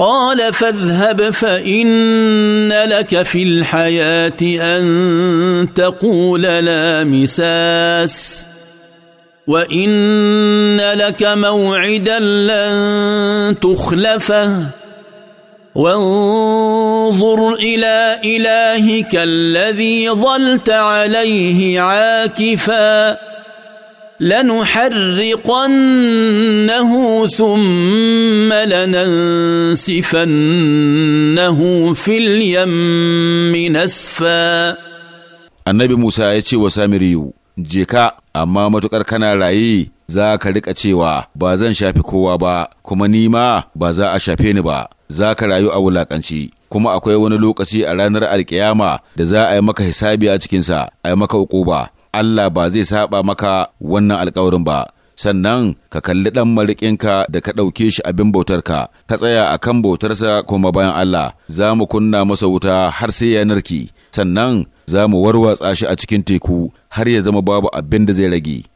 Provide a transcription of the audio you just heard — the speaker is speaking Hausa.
قال فاذهب فان لك في الحياه ان تقول لا مساس وان لك موعدا لن تخلفه وانظر الى الهك الذي ظلت عليه عاكفا لنحرقنه ثم لننسفنه في اليم نسفا النبي موسى يتشي وسامريو جيكا أما ما كان رأي ذاك لك أتشيوا بازن شافي كوا كما نيما بازا أشافين با ذاك رأيو أولاك أنشي kuma akwai wani lokaci a ranar alkiyama da za a yi maka hisabi a Allah ba zai saba maka wannan alkawarin ba. Sannan ka kalli ɗan mariƙinka da ka ɗauke shi abin bautarka, ka tsaya a kan bautarsa kuma bayan Allah, za mu kunna masa wuta har sai ya narki, sannan za mu warwatsa shi a cikin teku har ya zama babu abin da zai rage.